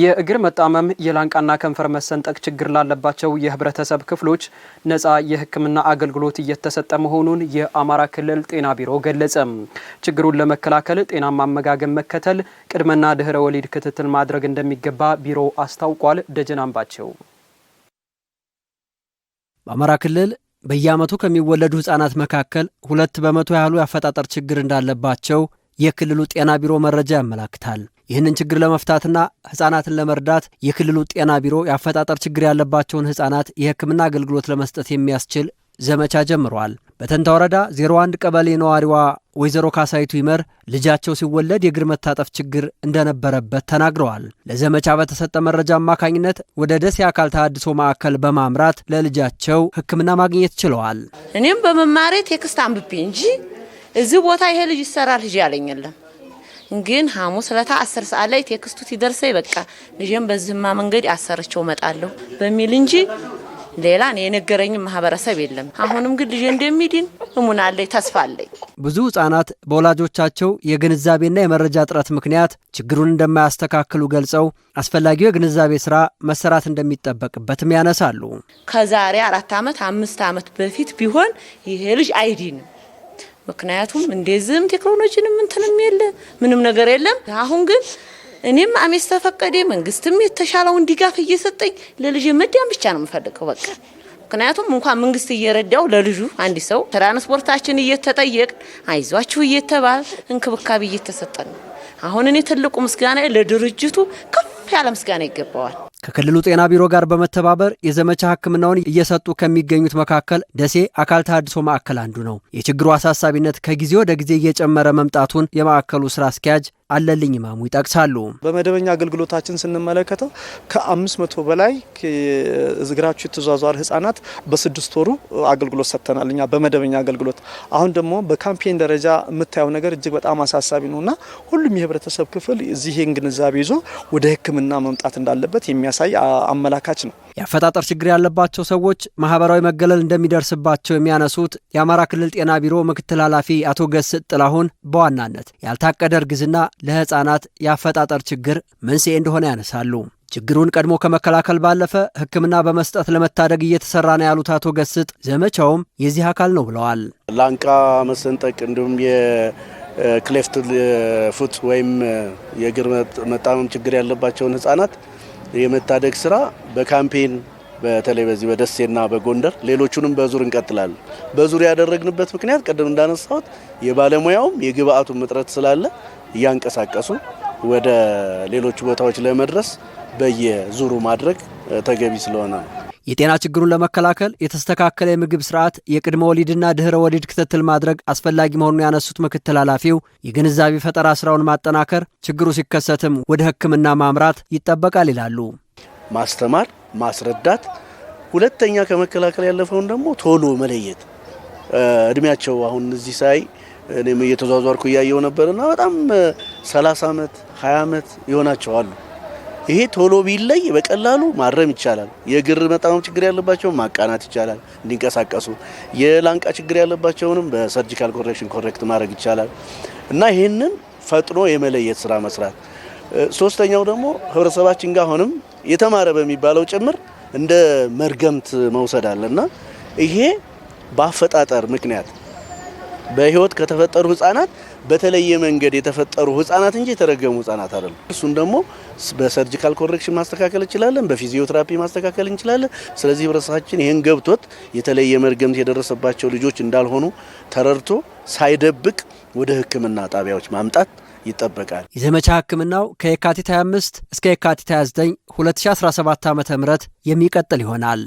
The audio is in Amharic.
የእግር መጣመም የላንቃና ከንፈር መሰንጠቅ ችግር ላለባቸው የህብረተሰብ ክፍሎች ነፃ የሕክምና አገልግሎት እየተሰጠ መሆኑን የአማራ ክልል ጤና ቢሮ ገለጸ። ችግሩን ለመከላከል ጤናማ አመጋገብ መከተል፣ ቅድመና ድህረ ወሊድ ክትትል ማድረግ እንደሚገባ ቢሮው አስታውቋል። ደጀን አምባቸው በአማራ ክልል በየዓመቱ ከሚወለዱ ህጻናት መካከል ሁለት በመቶ ያህሉ የአፈጣጠር ችግር እንዳለባቸው የክልሉ ጤና ቢሮ መረጃ ያመላክታል። ይህንን ችግር ለመፍታትና ህጻናትን ለመርዳት የክልሉ ጤና ቢሮ የአፈጣጠር ችግር ያለባቸውን ህጻናት የህክምና አገልግሎት ለመስጠት የሚያስችል ዘመቻ ጀምረዋል። በተንታ ወረዳ 01 ቀበሌ ነዋሪዋ ወይዘሮ ካሳይቱ ይመር ልጃቸው ሲወለድ የእግር መታጠፍ ችግር እንደነበረበት ተናግረዋል። ለዘመቻ በተሰጠ መረጃ አማካኝነት ወደ ደሴ አካል ተሃድሶ ማዕከል በማምራት ለልጃቸው ህክምና ማግኘት ችለዋል። እኔም በመማሬ ቴክስት አንብቤ እንጂ እዚህ ቦታ ይሄ ልጅ ይሰራል ልጅ ያለኝ የለም ግን ሐሙስ ለታ አስር ሰዓት ላይ ቴክስቱ ሲደርሰኝ በቃ ልጄም በዝማ መንገድ አሰርቸው መጣለሁ በሚል እንጂ ሌላ እኔ የነገረኝም ማህበረሰብ የለም። አሁንም ግን ልጄ እንደሚድን እሙን አለኝ፣ ተስፋ አለኝ። ብዙ ህጻናት በወላጆቻቸው የግንዛቤና የመረጃ እጥረት ምክንያት ችግሩን እንደማያስተካክሉ ገልጸው አስፈላጊው የግንዛቤ ስራ መሰራት እንደሚጠበቅበትም ያነሳሉ። ከዛሬ አራት ዓመት አምስት ዓመት በፊት ቢሆን ይሄ ልጅ አይዲንም ምክንያቱም እንደዚህም ቴክኖሎጂንም እንትንም የለ ምንም ነገር የለም። አሁን ግን እኔም አሜስ ተፈቀደ መንግስትም የተሻለውን ድጋፍ እየሰጠኝ ለልጅ መዳን ብቻ ነው የምፈልገው በቃ ምክንያቱም እንኳን መንግስት እየረዳው ለልጁ አንድ ሰው ትራንስፖርታችን እየተጠየቅ አይዟችሁ እየተባል እንክብካቤ እየተሰጠ ነው። አሁን እኔ ትልቁ ምስጋና ለድርጅቱ ከፍ ያለ ምስጋና ይገባዋል። ከክልሉ ጤና ቢሮ ጋር በመተባበር የዘመቻ ሕክምናውን እየሰጡ ከሚገኙት መካከል ደሴ አካል ተሃድሶ ማዕከል አንዱ ነው። የችግሩ አሳሳቢነት ከጊዜ ወደ ጊዜ እየጨመረ መምጣቱን የማዕከሉ ስራ አስኪያጅ አለልኝ ማሙ ይጠቅሳሉ። በመደበኛ አገልግሎታችን ስንመለከተው ከ500 በላይ እግራቸው የተዟዟረ ህጻናት በስድስት ወሩ አገልግሎት ሰጥተናል እኛ በመደበኛ አገልግሎት። አሁን ደግሞ በካምፔን ደረጃ የምታየው ነገር እጅግ በጣም አሳሳቢ እና ሁሉም የህብረተሰብ ክፍል እዚህ ግንዛቤ ይዞ ወደ ህክምና መምጣት እንዳለበት የሚያሳይ አመላካች ነው። የአፈጣጠር ችግር ያለባቸው ሰዎች ማህበራዊ መገለል እንደሚደርስባቸው የሚያነሱት የአማራ ክልል ጤና ቢሮ ምክትል ኃላፊ አቶ ገስጥ ጥላሁን በዋናነት ያልታቀደ እርግዝና ለህፃናት የአፈጣጠር ችግር መንስኤ እንደሆነ ያነሳሉ። ችግሩን ቀድሞ ከመከላከል ባለፈ ሕክምና በመስጠት ለመታደግ እየተሰራ ነው ያሉት አቶ ገስጥ ዘመቻውም የዚህ አካል ነው ብለዋል። ላንቃ መሰንጠቅ እንዲሁም የክሌፍት ፉት ወይም የእግር መጣመም ችግር ያለባቸውን ህጻናት የመታደግ ስራ በካምፔን በተለይ በዚህ በደሴና በጎንደር ሌሎቹንም በዙር እንቀጥላለን። በዙር ያደረግንበት ምክንያት ቀደም እንዳነሳሁት የባለሙያውም የግብአቱም እጥረት ስላለ እያንቀሳቀሱ ወደ ሌሎቹ ቦታዎች ለመድረስ በየዙሩ ማድረግ ተገቢ ስለሆነ ነው። የጤና ችግሩን ለመከላከል የተስተካከለ የምግብ ስርዓት፣ የቅድመ ወሊድና ድህረ ወሊድ ክትትል ማድረግ አስፈላጊ መሆኑን ያነሱት ምክትል ኃላፊው የግንዛቤ ፈጠራ ስራውን ማጠናከር፣ ችግሩ ሲከሰትም ወደ ሕክምና ማምራት ይጠበቃል ይላሉ። ማስተማር፣ ማስረዳት ሁለተኛ ከመከላከል ያለፈውን ደግሞ ቶሎ መለየት እድሜያቸው አሁን እዚህ ሳይ እኔም እየተዟዟርኩ እያየው ነበርና በጣም 30 ዓመት 20 ዓመት ይሆናቸዋሉ። አሉ። ይሄ ቶሎ ቢለይ በቀላሉ ማረም ይቻላል። የግር መጣመም ችግር ያለባቸውን ማቃናት ይቻላል እንዲንቀሳቀሱ፣ የላንቃ ችግር ያለባቸውንም በሰርጂካል ኮሬክሽን ኮሬክት ማድረግ ይቻላል እና ይህንን ፈጥኖ የመለየት ስራ መስራት። ሶስተኛው ደግሞ ህብረተሰባችን ጋር አሁንም የተማረ በሚባለው ጭምር እንደ መርገምት መውሰድ አለ እና ይሄ በአፈጣጠር ምክንያት በህይወት ከተፈጠሩ ህጻናት በተለየ መንገድ የተፈጠሩ ህጻናት እንጂ የተረገሙ ህጻናት አይደሉ። እሱን ደግሞ በሰርጂካል ኮሬክሽን ማስተካከል እንችላለን፣ በፊዚዮትራፒ ማስተካከል እንችላለን። ስለዚህ ህብረተሰባችን ይህን ገብቶት የተለየ መርገምት የደረሰባቸው ልጆች እንዳልሆኑ ተረድቶ ሳይደብቅ ወደ ህክምና ጣቢያዎች ማምጣት ይጠበቃል። የዘመቻ ህክምናው ከየካቲት 25 እስከ የካቲት 29 2017 ዓ ም የሚቀጥል ይሆናል።